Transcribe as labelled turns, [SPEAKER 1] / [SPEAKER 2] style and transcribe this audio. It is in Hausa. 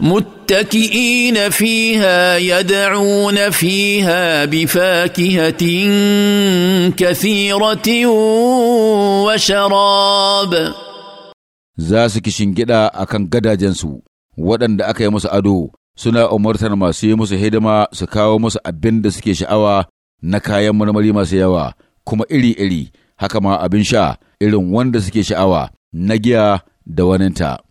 [SPEAKER 1] متكئين فيها يدعون فيها بفاكهه كثيره وشراب
[SPEAKER 2] za su kishingida a kan gadajensu waɗanda aka yi musu ado suna umartar masu yi musu hidima su kawo musu abin da suke sha'awa na kayan marmari masu yawa kuma iri-iri haka ma abin sha irin wanda suke sha'awa na giya da waninta.